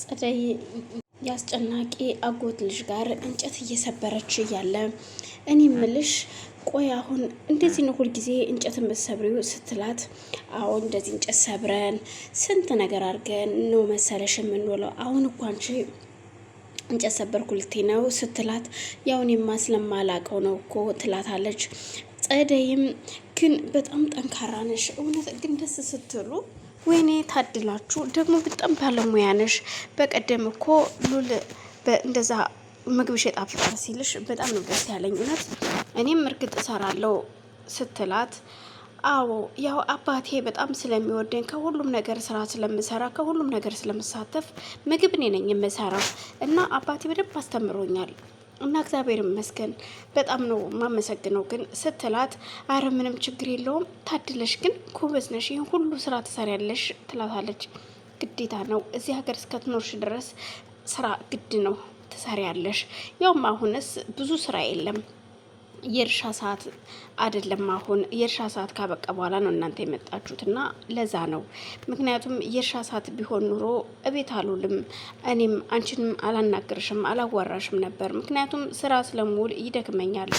ጸደይ የአስጨናቂ አጎት ልጅ ጋር እንጨት እየሰበረች እያለ እኔ ምልሽ ቆይ አሁን እንደዚህ ነው ሁልጊዜ እንጨት የምትሰብሪው? ስትላት አሁን እንደዚህ እንጨት ሰብረን ስንት ነገር አድርገን ነው መሰለሽ የምንውለው። አሁን እኮ አንቺ እንጨት ሰበርኩ ልትይ ነው ስትላት፣ ያውን የማስለማላቀው ነው እኮ ትላታለች። ጸደይም ግን በጣም ጠንካራ ነሽ እውነት ግን ደስ ስትሉ ወይኔ ታድላችሁ ደግሞ በጣም ባለሙያ ነሽ። በቀደም እኮ ሉል እንደዛ ምግብ ሸጣ ሲልሽ በጣም ነው ደስ ያለኝ እውነት። እኔም እርግጥ እሰራለሁ ስትላት አዎ ያው አባቴ በጣም ስለሚወደኝ ከሁሉም ነገር ስራ ስለምሰራ ከሁሉም ነገር ስለምሳተፍ ምግብ እኔ ነኝ የምሰራው እና አባቴ በደንብ አስተምሮኛል እና እግዚአብሔር ይመስገን በጣም ነው ማመሰግነው ግን ስትላት፣ አረ ምንም ችግር የለውም ታድለሽ ግን ጎበዝ ነሽ፣ ይህን ሁሉ ስራ ትሰሪያለሽ ትላታለች። ግዴታ ነው እዚህ ሀገር እስከትኖርሽ ድረስ ስራ ግድ ነው ትሰሪያለሽ። ያውም አሁንስ ብዙ ስራ የለም የእርሻ ሰዓት አይደለም። አሁን የእርሻ ሰዓት ካበቃ በኋላ ነው እናንተ የመጣችሁት እና ለዛ ነው። ምክንያቱም የእርሻ ሰዓት ቢሆን ኑሮ እቤት አሉልም እኔም አንቺንም አላናግርሽም፣ አላዋራሽም ነበር። ምክንያቱም ስራ ስለምውል ይደክመኛል።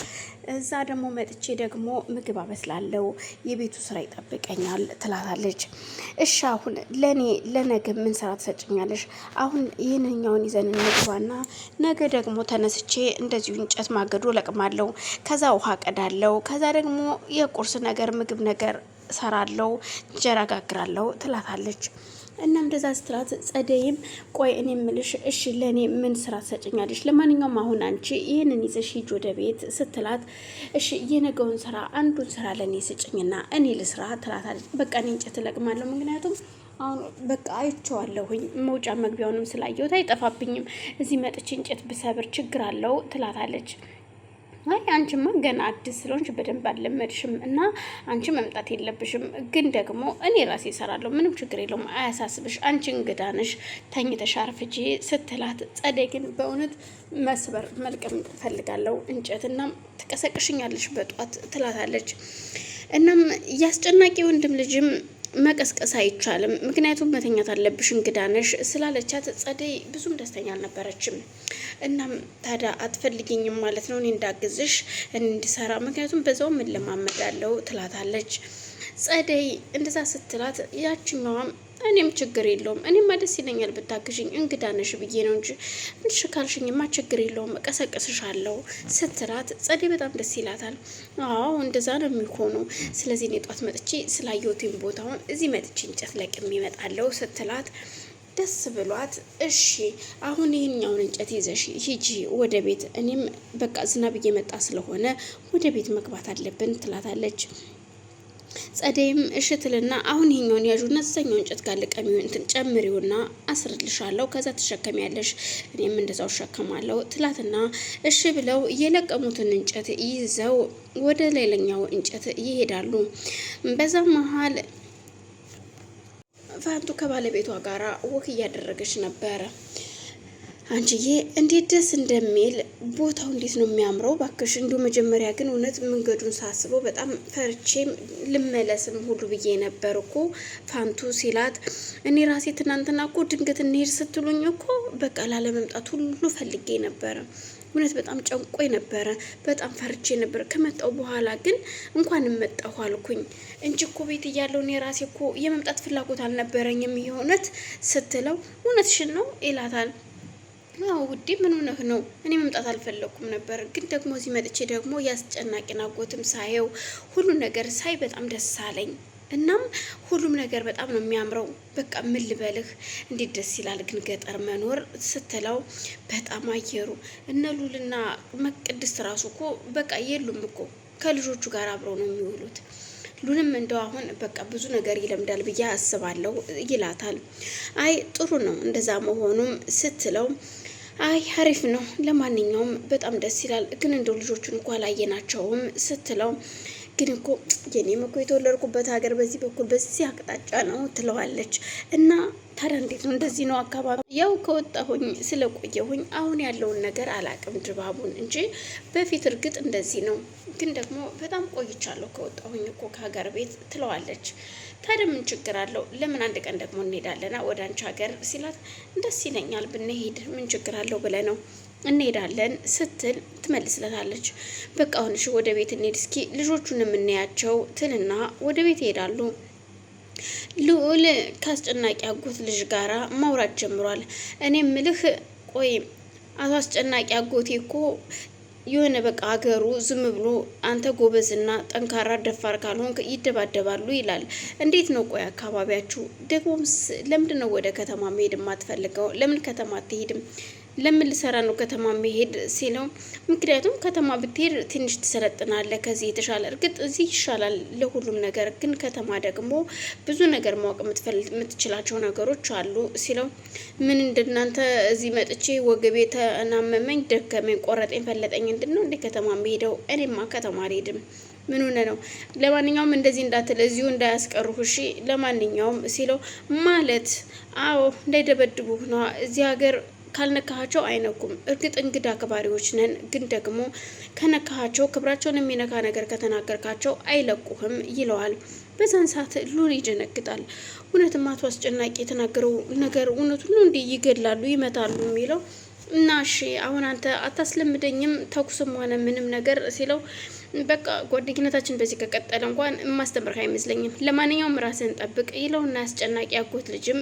እዛ ደግሞ መጥቼ ደግሞ ምግብ አበስላለሁ፣ የቤቱ ስራ ይጠብቀኛል ትላታለች። እሺ አሁን ለእኔ ለነገ ምን ስራ ትሰጭኛለሽ? አሁን ይህንኛውን ይዘን እንግባና ነገ ደግሞ ተነስቼ እንደዚሁ እንጨት ማገዶ ለቅማለሁ፣ ከዛ ውሃ ቀዳለሁ፣ ከዛ ደግሞ የቁርስ ነገር ምግብ ነገር ሰራለው፣ እንጀራ ትላታለች። እናም እንደዛ ስትላት ጸደይም ቆይ እኔ የምልሽ እሺ ለእኔ ምን ስራ ትሰጭኛለሽ? ለማንኛውም አሁን አንቺ ይህንን ይዘሽ ሂጅ ወደ ቤት ስትላት እሺ የነገውን ስራ አንዱን ስራ ለእኔ ስጭኝና እኔ ልስራ ትላታለች። በቃ እኔ እንጨት እለቅማለሁ ምክንያቱም አሁን በቃ አይቼዋለሁኝ መውጫ መግቢያውንም ስላየሁት አይጠፋብኝም። እዚህ መጥቼ እንጨት ብሰብር ችግር አለው ትላታለች። አይ አንቺማ ገና አዲስ ስለሆንሽ በደንብ አልለመድሽም እና አንቺ መምጣት የለብሽም። ግን ደግሞ እኔ ራሴ እሰራለሁ፣ ምንም ችግር የለውም፣ አያሳስብሽ። አንቺ እንግዳ ነሽ፣ ተኝተሽ አርፍጂ ስትላት፣ ጸደይ ግን በእውነት መስበር መልቀም ፈልጋለሁ እንጨት እና ትቀሰቅሽኛለሽ በጧት ትላታለች። እናም ያስጨናቂ ወንድም ልጅም መቀስቀስ አይቻልም፣ ምክንያቱም መተኛት አለብሽ እንግዳ ነሽ ስላለቻት ጸደይ ብዙም ደስተኛ አልነበረችም። እናም ታዲያ አትፈልጊኝም ማለት ነው እኔ እንዳግዝሽ እንድሰራ፣ ምክንያቱም በዛውም እለማመዳለው ትላታለች ጸደይ። እንደዛ ስትላት ያችኛዋም እኔም ችግር የለውም እኔማ ደስ ይለኛል ብታግዥኝ፣ እንግዳ ነሽ ብዬ ነው እንጂ እሺ ካልሽኝማ ችግር የለውም እቀሰቅስሻለሁ ስትላት ጸዴ በጣም ደስ ይላታል። አዎ እንደዛ ነው የሚሆኑ። ስለዚህ እኔ ጧት መጥቼ ስላየሁትን ቦታውን እዚህ መጥቼ እንጨት ለቅሜ እመጣለሁ ስትላት ደስ ብሏት እሺ አሁን ይህኛውን እንጨት ይዘሽ ሂጂ ወደ ቤት፣ እኔም በቃ ዝናብ እየመጣ ስለሆነ ወደ ቤት መግባት አለብን ትላታለች። ጸደይም እሽትልና አሁን ይሄኛውን ያዡና እዛኛው እንጨት ጋር ልቀሚው እንትን ጨምሪውና አስርልሻለሁ ከዛ ተሸከም ያለሽ እኔም እንደዛው እሸከማለሁ ትላትና እሺ ብለው የለቀሙትን እንጨት ይዘው ወደ ሌላኛው እንጨት ይሄዳሉ። በዛ መሀል ፋንቱ ከባለቤቷ ጋራ ወክ እያደረገች ነበረ። አንቺዬ እንዴት ደስ እንደሚል ቦታው እንዴት ነው የሚያምረው! ባክሽ እንዲሁ መጀመሪያ ግን እውነት መንገዱን ሳስበው በጣም ፈርቼም ልመለስም ሁሉ ብዬ ነበር እኮ ፋንቱ ሲላት፣ እኔ ራሴ ትናንትና እኮ ድንገት እንሄድ ስትሉኝ እኮ በቃ ላለመምጣት ሁሉ ፈልጌ ነበረ። እውነት በጣም ጨንቆይ ነበረ፣ በጣም ፈርቼ ነበር። ከመጣው በኋላ ግን እንኳን መጣሁ አልኩኝ እንጂ እኮ ቤት እያለው እኔ ራሴ እኮ የመምጣት ፍላጎት አልነበረኝም። የእውነት ስትለው እውነትሽን ነው ይላታል። አዎ ውዴ፣ ምን ሆነህ ነው? እኔ መምጣት አልፈለግኩም ነበር፣ ግን ደግሞ እዚህ መጥቼ ደግሞ ያስጨናቂን ናጎትም ሳየው ሁሉ ነገር ሳይ በጣም ደስ አለኝ። እናም ሁሉም ነገር በጣም ነው የሚያምረው። በቃ ምን ልበልህ፣ እንዴት ደስ ይላል ግን ገጠር መኖር ስትለው በጣም አየሩ እነ ሉልና ራሱ እኮ በቃ የሉም እኮ ከልጆቹ ጋር አብረው ነው የሚውሉት ሉንም እንደው አሁን በቃ ብዙ ነገር ይለምዳል ብዬ አስባለሁ ይላታል። አይ ጥሩ ነው እንደዛ መሆኑም ስትለው አይ አሪፍ ነው ለማንኛውም በጣም ደስ ይላል፣ ግን እንደው ልጆቹን እንኳ ላየናቸውም ስትለው ግን እኮ የኔም እኮ የተወለድኩበት ሀገር በዚህ በኩል በዚህ አቅጣጫ ነው ትለዋለች። እና ታዲያ እንዴት ነው እንደዚህ ነው አካባቢ ያው ከወጣሁኝ ስለቆየሁኝ አሁን ያለውን ነገር አላቅም ድባቡን እንጂ በፊት እርግጥ እንደዚህ ነው፣ ግን ደግሞ በጣም ቆይቻለሁ ከወጣሁኝ እኮ ከሀገር ቤት ትለዋለች። ታዲያ ምን ችግር አለው? ለምን አንድ ቀን ደግሞ እንሄዳለና ወደ አንቺ ሀገር ሲላት ደስ ይለኛል ብንሄድ ምን ችግር አለው ብለ ነው እንሄዳለን ስትል ትመልስለታለች። በቃ አሁንሽ ወደ ቤት እንሄድ እስኪ ልጆቹን የምናያቸው ትልና ወደ ቤት ይሄዳሉ። ልዑል ከአስጨናቂ አጎት ልጅ ጋራ ማውራት ጀምሯል። እኔ ምልህ ቆይ አቶ አስጨናቂ አጎቴ እኮ የሆነ በቃ ሀገሩ ዝም ብሎ አንተ ጎበዝና ጠንካራ ደፋር ካልሆንክ ይደባደባሉ ይላል። እንዴት ነው ቆይ አካባቢያችሁ ደግሞ ለምንድን ነው ወደ ከተማ መሄድ የማትፈልገው? ለምን ከተማ አትሄድም? ለምን ልሰራ ነው ከተማ መሄድ ሲለው፣ ምክንያቱም ከተማ ብትሄድ ትንሽ ትሰለጥናለህ ከዚህ የተሻለ እርግጥ እዚህ ይሻላል ለሁሉም ነገር፣ ግን ከተማ ደግሞ ብዙ ነገር ማወቅ የምትችላቸው ነገሮች አሉ ሲለው፣ ምን እንደናንተ እዚህ መጥቼ ወገቤ ተናመመኝ፣ ደከመኝ፣ ቆረጠኝ፣ ፈለጠኝ እንድን ነው እንደ ከተማ መሄደው? እኔማ ከተማ አልሄድም። ምን ሆነ ነው? ለማንኛውም እንደዚህ እንዳትል እዚሁ እንዳያስቀሩ እሺ። ለማንኛውም ሲለው፣ ማለት አዎ እንዳይደበድቡህ ነዋ እዚህ ሀገር ካልነካቸው አይነኩም። እርግጥ እንግዳ አክባሪዎች ነን፣ ግን ደግሞ ከነካቸው ክብራቸውን የሚነካ ነገር ከተናገርካቸው አይለቁህም ይለዋል። በዛን ሰዓት ሉል ይደነግጣል። እውነትም አቶ አስጨናቂ የተናገረው ነገር እውነት ሁሉ እንዲህ ይገድላሉ፣ ይመታሉ የሚለው እና እሺ አሁን አንተ አታስለምደኝም ተኩስም ሆነ ምንም ነገር ሲለው በቃ ጓደኝነታችን በዚህ ከቀጠለ እንኳን የማስተምርህ አይመስለኝም። ለማንኛውም ራስህን ጠብቅ ይለውና አስጨናቂ አጎት ልጅም